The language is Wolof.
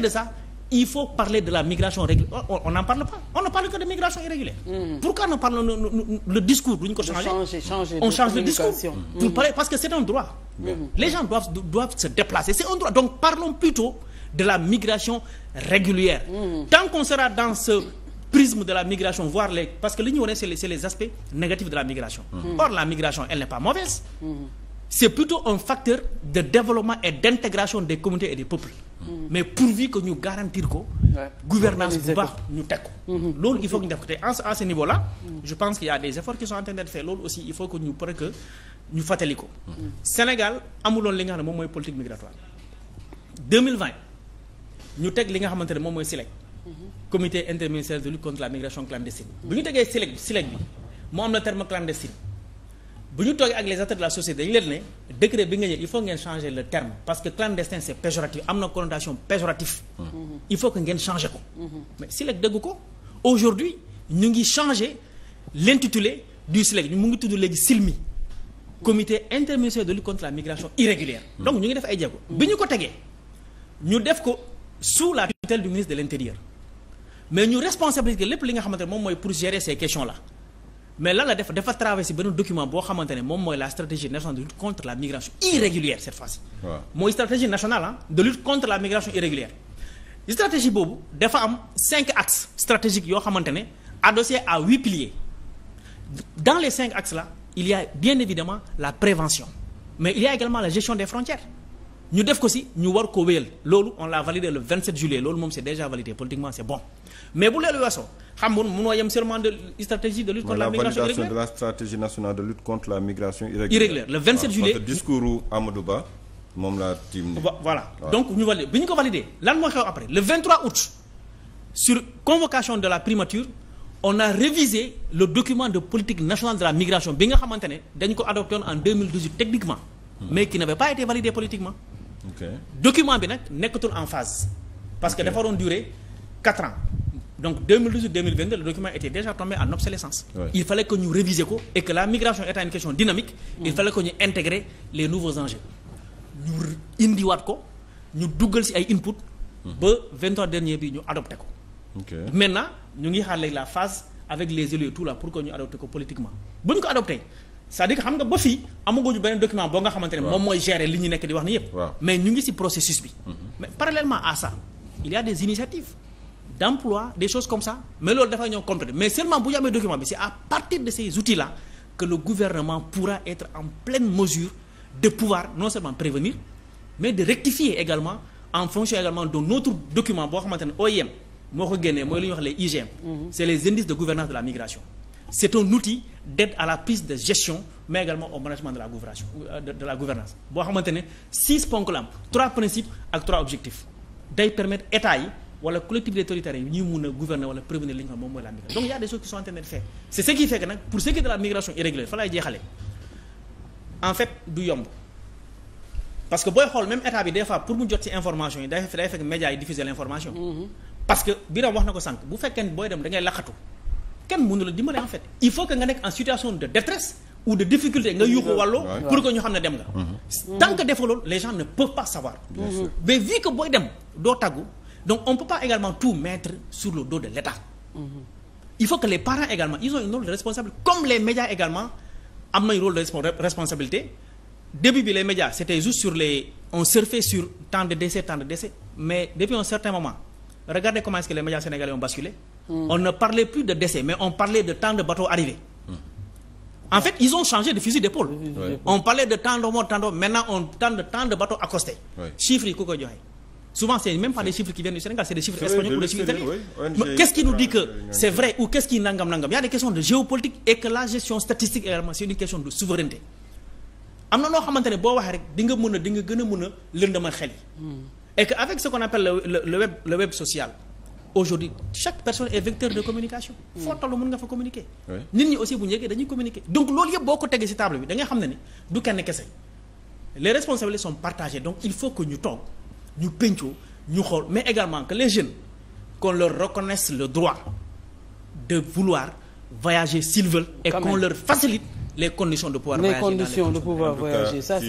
de ça il faut parler de la migration régulière on n'en parle pas on ne parle que de migration irrégulière parce que c'est un droit hmm. les gens doivent se déplacer c'est un droit donc parlons plutôt de la migration régulière hmm. tant qu'on sera dans ce prisme de la migration voir les parce que c'est les aspects négatifs de la migration hmm. or la migration elle n'est pas mauvaise c'est plutôt un facteur de développement et d'intégration des communautés et des peuples mmh. mais pourvu que ñu garantir ko ouais. gouvernance bu baax ñu teg ko mm-hmm. loolu il faut que ñu def ko te à ce niveau là mm. je pense qu'il y a des efforts qui sont en train d'être loolu aussi il faut que ñu pare que ñu fàttali ko mm-hmm. Sénégal amuloon li nga xam ne moom mooy politique migratoire 2020 ñu teg li nga xamante ne moom mooy SILEC mm-hmm. comité interministériel de lutte contre la migration clandestine bu ñu tegee SILEC SILEC bi moo am la terme bu ñu toogee ak les acteurs de la société dañu leen ne décret bi nga jël il faut ngeen changer le terme parce que clandestin c'est péjoratif am na connotation péjorative mm-hmm. il faut que ngeen changer ko mm-hmm. mais SILEC ko aujourd'hui ñu ngi changer l'intitulé du SILEC mu ngi tudd léegi SILMI comité interministériel de lutte contre la migration irrégulière mm-hmm. donc ñu ngi def ay jéego bi ñu ko tegee ñu def ko sous la tutelle du ministre de l'intérieur mais ñu responsabilité li nga xamante moom mooy pour gérer ces mais lan la def dafa traversé benn document boo xamante ne moom mooy la stratégie nationale de lutte contre la migration irrégulière mooy stratégie nationale ah de lutte contre la migration boobu dafa am cinq axes stratégiques yoo xamante ne adossé à huit piliers dans les cinq axes là il y a bien évidemment la prévention mais il y a également la gestion des frontières. ñu def ko si ñu war ko wéyal loolu on l'a validé le 27 juillet loolu moom c'est déjà validé politiquement c'est bon mais bu leelu weesoo xam mun munoo yem seulement de stratégie de lutte contre la, migration irrégulière validation de le 27 ah, juillet discours Amadou Ba moom la tiim voilà donc ñu validé bi ñu ko validé lan moo xew après le 23 août sur convocation de la primature on a révisé le document de politique nationale de la migration bi nga xamante ne dañ ko adopté en document bi nag nekkatul en phase. parce que dafa doon dure quatre ans. donc 2018 2022 le document était déjà tombé en obsolescence. Ouais. il fallait que ñu réviser ko et que la migration étant une question dynamique. Mm. les nouveaux enjeux. indiwaat ko ñu duggal ci ay input. Mm. ba 23 dernier bi ñu adopté ko. Okay. maintenant ñu ngi xaar la phase avec les élus et tout là pour que ñu adopté ko politiquement bu ñu ko adopté cest dire que xam nga ba fii amaguñu beneen document boo nga xamante ne moom mooy gérer li ñu nekk di wax ni yëpp mais ñu ngi ci processus bi mhm. mais parallèlement à il y a des initiatives d'emploi des choses comme ça mais loolu dafay ñëw complété mais seulement bu ñu amee document bi c'est à partir de ces outils là que le gouvernement pourra être en pleine mesure de pouvoir non seulement prévenir mais de rectifier également en fonction également boo xamante ne OIM moo ko génnee mooy li ñuy wax les IGM mhm. c'est c'est un outil d'aide à la prise de gestion mais également au management de la gouvernance euh, de, la gouvernance boo xamante ne six ponk la am trois principes ak trois objectifs day permettre état yi wala collectivités territoriales yi ñuy mun a gouverner wala prévenir li nga xam moom mooy la migration donc y a des choses qui sont en train c'est ce qui fait nag pour ce qui de la migration irrégulière fa lay jeexalee en fait du yomb parce que booy xool même état bi des mm-hmm. da ngay laqatu kenn mënu la dimbale en fait il faut que nga nekk en situation de détresse ou de difficulté nga yuuxu wàllu pour que ñu xam ne dem nga mhm. tant que defaloolu les gens ne peuvent pas savoir mhm. mais vu que booy dem doo taggu donc on peut pas également tout mettre sur le dos de l'État mhm. il faut que les parents également ils ont une rôle de responsabilité comme les médias également bi les médias c'était juste sur les on surfait sur tant de décès tant de décès mais depuis un certain moment regardez comment est-ce Mmh. On ne parlait plus de décès, mais on parlait de temps de bateau arrivé. Mmh. En fait, ils ont changé de fusil d'épaule. Oui. On parlait de temps de mort, temps de mort. Maintenant, on parle de temps de bateau Souvent, ce même pas des qui viennent Sénégal, c'est a de géopolitique et question de souveraineté. am na loo xamante ne boo waxee rek di nga mën a di gën a mën a lëndamal xel yi. Hmm. et que avec ce qu'on appelle le le web social. aujourd'hui chaque personne est vecteur de communication. Hmm. foo toll mën nga fa communiquer. nit ñi aussi bu ñu yeggee dañuy communiquer. donc loolu yëpp boo ko tegee ci table bi da xam ne ni du kenn kese les responsabilités sont partagées donc il faut que ñu toog ñu pencoo ñu xool mais également que les jeunes qu'on leur reconnaisse le droit de vouloir voyager s'ils veulent. et qu'on leur facilite les conditions de pouvoir. voyager les conditions de pouvoir voyager ça